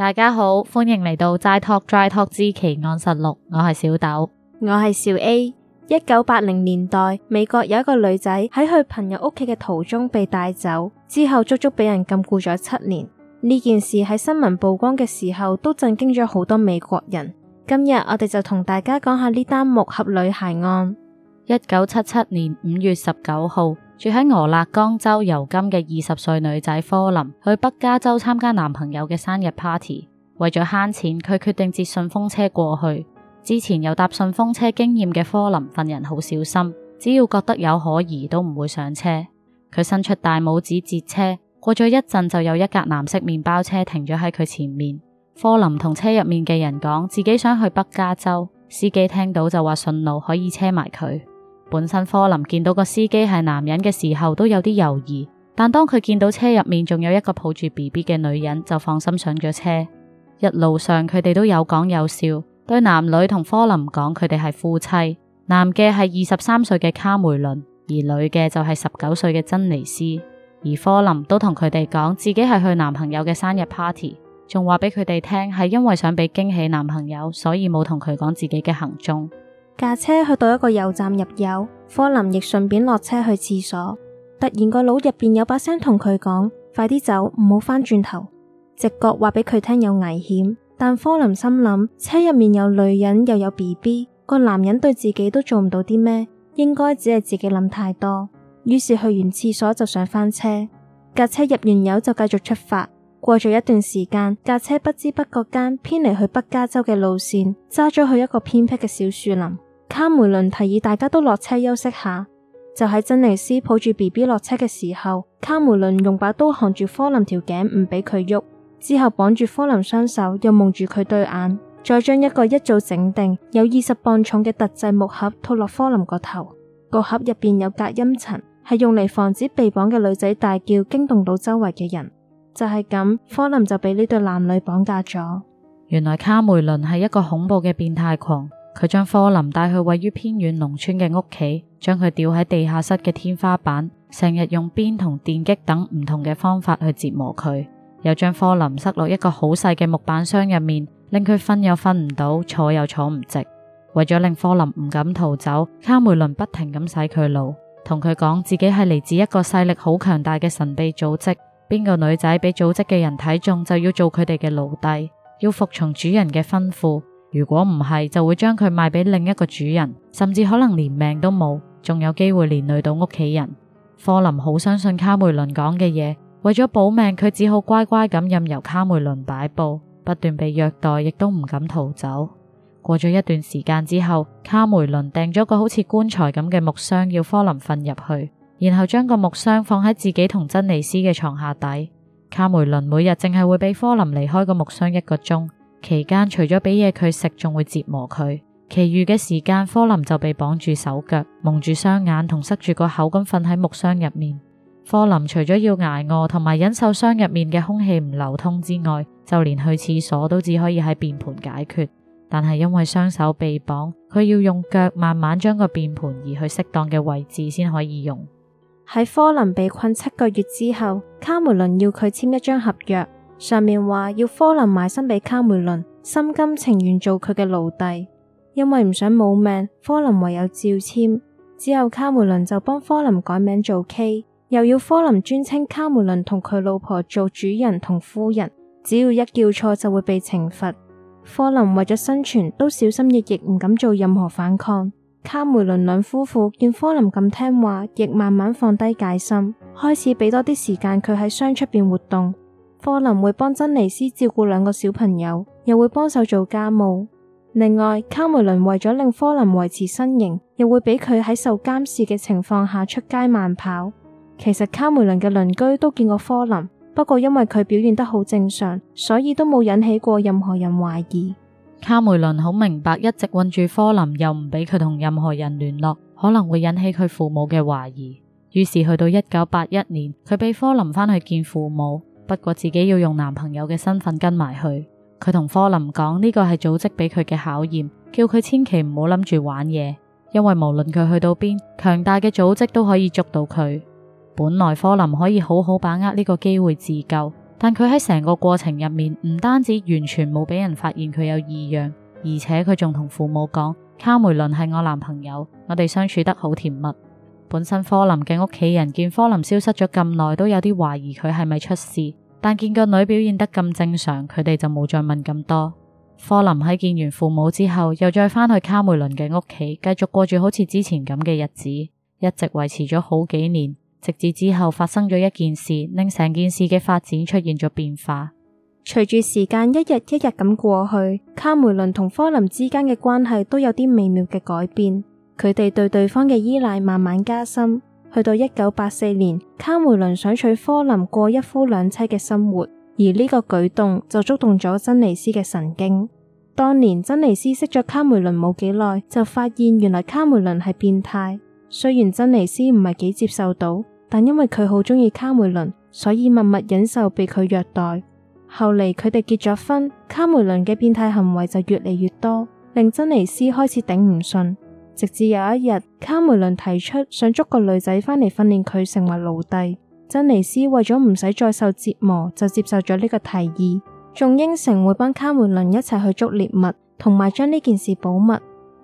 大家好，歡迎嚟到齋 Talk 齋 Talk 之奇案實錄，我係小豆，我係小 A。一九八零年代，美國有一個女仔喺去朋友屋企嘅途中被帶走，之後足足俾人禁錮咗七年。呢件事喺新聞曝光嘅時候都震驚咗好多美國人。今日我哋就同大家講下呢單木盒女孩案。一九七七年五月十九號，住喺俄勒岡州尤金嘅二十歲女仔科琳去北加州參加男朋友嘅生日 party，為咗慳錢，佢決定接順風車過去。之前有搭順風車經驗嘅科琳份人好小心，只要覺得有可疑都唔會上車。佢伸出大拇指截車，過咗一陣就有一架藍色麵包車停咗喺佢前面。科琳同車入面嘅人講自己想去北加州，司機聽到就話順路可以車埋佢。本身科琳見到個司機係男人嘅時候都有啲猶豫，但當佢見到車入面仲有一個抱住 BB 嘅女人，就放心上咗車。一路上佢哋都有講有笑，對男女同科琳講佢哋係夫妻，男嘅係二十三歲嘅卡梅倫，而女嘅就係十九歲嘅珍妮斯。而科琳都同佢哋講自己係去男朋友嘅生日 party，仲話俾佢哋聽係因為想俾驚喜男朋友，所以冇同佢講自己嘅行蹤。駕車去到一個油站入油，科林亦順便落車去廁所。突然，個腦入邊有把聲同佢講：快啲走，唔好返轉頭。直覺話俾佢聽有危險，但科林心諗車入面有女人又有 BB，個男人對自己都做唔到啲咩，應該只係自己諗太多。於是去完廁所就想返車。架車入完油就繼續出發。過咗一段時間，架車不知不覺間偏離去北加州嘅路線，揸咗去一個偏僻嘅小樹林。卡梅倫提議大家都落車休息下，就喺珍妮絲抱住 B B 落車嘅時候，卡梅倫用把刀含住科林條頸，唔俾佢喐，之後綁住科林雙手，又蒙住佢對眼，再將一個一早整定有二十磅重嘅特製木盒套落科林個頭。個盒入邊有隔音層，係用嚟防止被綁嘅女仔大叫驚動到周圍嘅人。就係、是、咁，科林就俾呢對男女綁架咗。原來卡梅倫係一個恐怖嘅變態狂。佢將科林帶去位於偏遠農村嘅屋企，將佢吊喺地下室嘅天花板，成日用鞭同電擊等唔同嘅方法去折磨佢，又將科林塞落一個好細嘅木板箱入面，令佢瞓又瞓唔到，坐又坐唔直。為咗令科林唔敢逃走，卡梅倫不停咁洗佢腦，同佢講自己係嚟自一個勢力好強大嘅神秘組織，邊個女仔俾組織嘅人睇中，就要做佢哋嘅奴隸，要服從主人嘅吩咐。如果唔係，就會將佢賣俾另一個主人，甚至可能連命都冇，仲有機會連累到屋企人。科琳好相信卡梅倫講嘅嘢，為咗保命，佢只好乖乖咁任由卡梅倫擺布，不斷被虐待，亦都唔敢逃走。過咗一段時間之後，卡梅倫訂咗個好似棺材咁嘅木箱，要科琳瞓入去，然後將個木箱放喺自己同珍妮絲嘅床下底。卡梅倫每日淨係會俾科琳離開個木箱一個鐘。期間除咗俾嘢佢食，仲會折磨佢。其餘嘅時間，科琳就被綁住手腳、蒙住雙眼同塞住個口，咁瞓喺木箱入面。科琳除咗要捱餓同埋忍受箱入面嘅空氣唔流通之外，就連去廁所都只可以喺便盆解決。但係因為雙手被綁，佢要用腳慢慢將個便盆移去適當嘅位置先可以用。喺科琳被困七個月之後，卡梅倫要佢簽一張合約。上面話要科林賣身俾卡梅倫，心甘情願做佢嘅奴隸。因為唔想冇命，科林唯有照簽。之後卡梅倫就幫科林改名做 K，又要科林尊稱卡梅倫同佢老婆做主人同夫人，只要一叫錯就會被懲罰。科林為咗生存都小心翼翼，唔敢做任何反抗。卡梅倫兩夫婦見科林咁聽話，亦慢慢放低戒心，開始俾多啲時間佢喺箱出邊活動。科琳會幫珍妮斯照顧兩個小朋友，又會幫手做家務。另外，卡梅倫為咗令科琳維持身形，又會俾佢喺受監視嘅情況下出街慢跑。其實卡梅倫嘅鄰居都見過科琳，不過因為佢表現得好正常，所以都冇引起過任何人懷疑。卡梅倫好明白，一直困住科琳又唔俾佢同任何人聯絡，可能會引起佢父母嘅懷疑。於是去到一九八一年，佢俾科琳返去見父母。不過自己要用男朋友嘅身份跟埋去，佢同科琳講呢個係組織俾佢嘅考驗，叫佢千祈唔好諗住玩嘢，因為無論佢去到邊，強大嘅組織都可以捉到佢。本來科琳可以好好把握呢個機會自救，但佢喺成個過程入面唔單止完全冇俾人發現佢有異樣，而且佢仲同父母講，卡梅倫係我男朋友，我哋相處得好甜蜜。本身科琳嘅屋企人見科琳消失咗咁耐，都有啲懷疑佢係咪出事。但見個女表現得咁正常，佢哋就冇再問咁多。科琳喺見完父母之後，又再返去卡梅倫嘅屋企，繼續過住好似之前咁嘅日子，一直維持咗好幾年，直至之後發生咗一件事，令成件事嘅發展出現咗變化。隨住時間一日一日咁過去，卡梅倫同科琳之間嘅關係都有啲微妙嘅改變，佢哋對對方嘅依賴慢慢加深。去到一九八四年，卡梅倫想娶科琳過一夫兩妻嘅生活，而呢個舉動就觸動咗珍妮斯嘅神經。當年珍妮斯識咗卡梅倫冇幾耐，就發現原來卡梅倫係變態。雖然珍妮斯唔係幾接受到，但因為佢好中意卡梅倫，所以默默忍受被佢虐待。後嚟佢哋結咗婚，卡梅倫嘅變態行為就越嚟越多，令珍妮斯開始頂唔順。直至有一日，卡梅倫提出想捉個女仔翻嚟訓練佢成為奴隸，珍妮斯為咗唔使再受折磨，就接受咗呢個提議，仲應承會幫卡梅倫一齊去捉獵物，同埋將呢件事保密。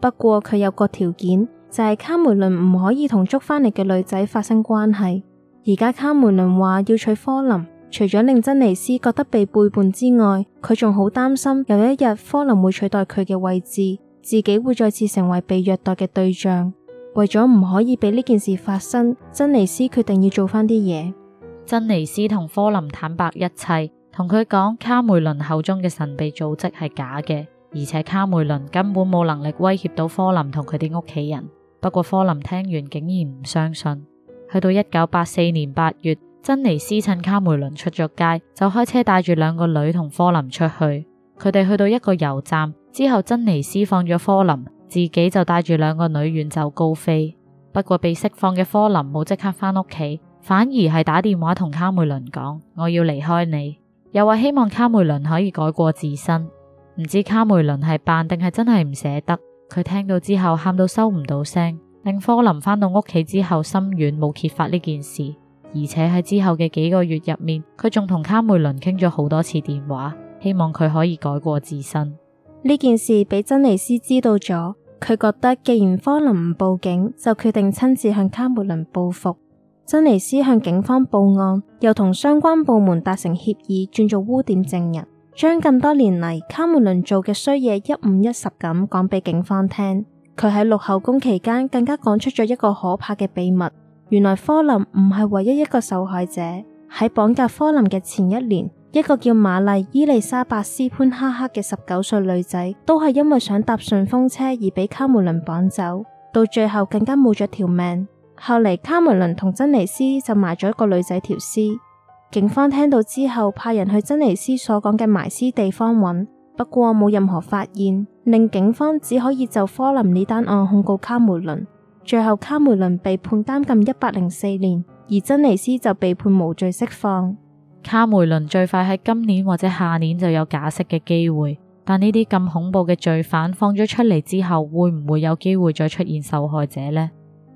不過佢有個條件，就係卡梅倫唔可以同捉翻嚟嘅女仔發生關係。而家卡梅倫話要娶科琳，除咗令珍妮斯覺得被背叛之外，佢仲好擔心有一日科琳會取代佢嘅位置。自己會再次成為被虐待嘅對象，為咗唔可以俾呢件事發生，珍妮斯決定要做翻啲嘢。珍妮斯同科琳坦白一切，同佢講卡梅倫口中嘅神秘組織係假嘅，而且卡梅倫根本冇能力威脅到科琳同佢哋屋企人。不過科琳聽完竟然唔相信。去到一九八四年八月，珍妮斯趁卡梅倫出咗街，就開車帶住兩個女同科琳出去。佢哋去到一個油站。之後，珍妮斯放咗科琳，自己就帶住兩個女遠走高飛。不過被釋放嘅科琳冇即刻返屋企，反而係打電話同卡梅倫講：我要離開你，又話希望卡梅倫可以改過自新。唔知卡梅倫係扮定係真係唔捨得。佢聽到之後，喊到收唔到聲，令科琳返到屋企之後心軟，冇揭發呢件事。而且喺之後嘅幾個月入面，佢仲同卡梅倫傾咗好多次電話，希望佢可以改過自新。呢件事俾珍妮斯知道咗，佢覺得既然科琳唔報警，就決定親自向卡梅倫報復。珍妮斯向警方報案，又同相關部門達成協議，轉做污點證人，將咁多年嚟卡梅倫做嘅衰嘢一五一十咁講俾警方聽。佢喺錄口供期間，更加講出咗一個可怕嘅秘密，原來科琳唔係唯一一個受害者。喺綁架科琳嘅前一年，一個叫瑪麗伊麗莎白斯潘哈克嘅十九歲女仔，都係因為想搭順風車而被卡梅倫綁走，到最後更加冇咗條命。後嚟，卡梅倫同珍妮斯就埋咗一個女仔條屍，警方聽到之後派人去珍妮斯所講嘅埋屍地方揾，不過冇任何發現，令警方只可以就科琳呢單案控告卡梅倫。最後卡梅倫被判監禁一百零四年，而珍妮斯就被判無罪釋放。卡梅倫最快喺今年或者下年就有假釋嘅機會，但呢啲咁恐怖嘅罪犯放咗出嚟之後，會唔會有機會再出現受害者呢？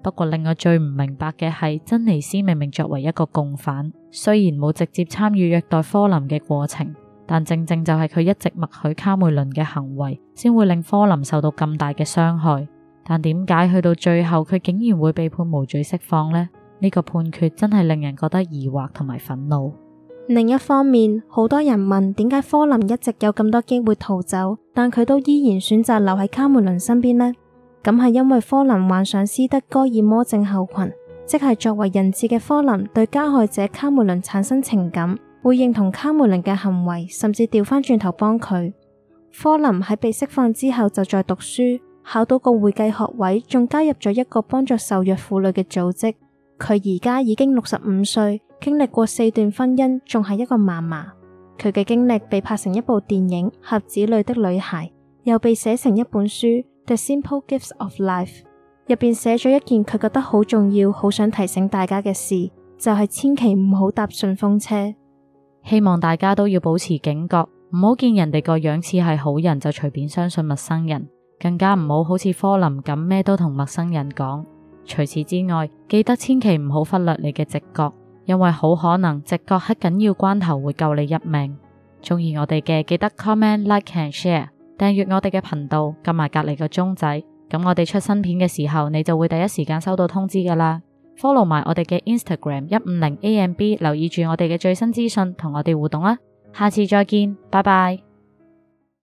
不過令我最唔明白嘅係，珍妮斯明明作為一個共犯，雖然冇直接參與虐待科琳嘅過程，但正正就係佢一直默許卡梅倫嘅行為，先會令科琳受到咁大嘅傷害。但點解去到最後佢竟然會被判無罪釋放呢？呢個判決真係令人覺得疑惑同埋憤怒。另一方面，好多人問點解科林一直有咁多機會逃走，但佢都依然選擇留喺卡梅倫身邊呢？咁係因為科林患上斯德哥爾摩症候群，即係作為人質嘅科林對加害者卡梅倫產生情感，會認同卡梅倫嘅行為，甚至調翻轉頭幫佢。科林喺被釋放之後就再讀書，考到個會計學位，仲加入咗一個幫助受虐婦女嘅組織。佢而家已經六十五歲。經歷過四段婚姻，仲係一個嫲嫲。佢嘅經歷被拍成一部電影《盒子裏的女孩》，又被寫成一本書《The Simple Gifts of Life》。入邊寫咗一件佢覺得好重要、好想提醒大家嘅事，就係、是、千祈唔好搭順風車。希望大家都要保持警覺，唔好見人哋個樣似係好人就隨便相信陌生人，更加唔好好似科琳咁咩都同陌生人講。除此之外，記得千祈唔好忽略你嘅直覺。因為好可能直覺喺緊要關頭會救你一命。鍾意我哋嘅記得 comment like and share 訂閱我哋嘅頻道，撳埋隔離個鐘仔，咁我哋出新片嘅時候你就會第一時間收到通知噶啦。Follow 埋我哋嘅 Instagram 一五零 AMB，留意住我哋嘅最新資訊，同我哋互動啊！下次再見，拜拜。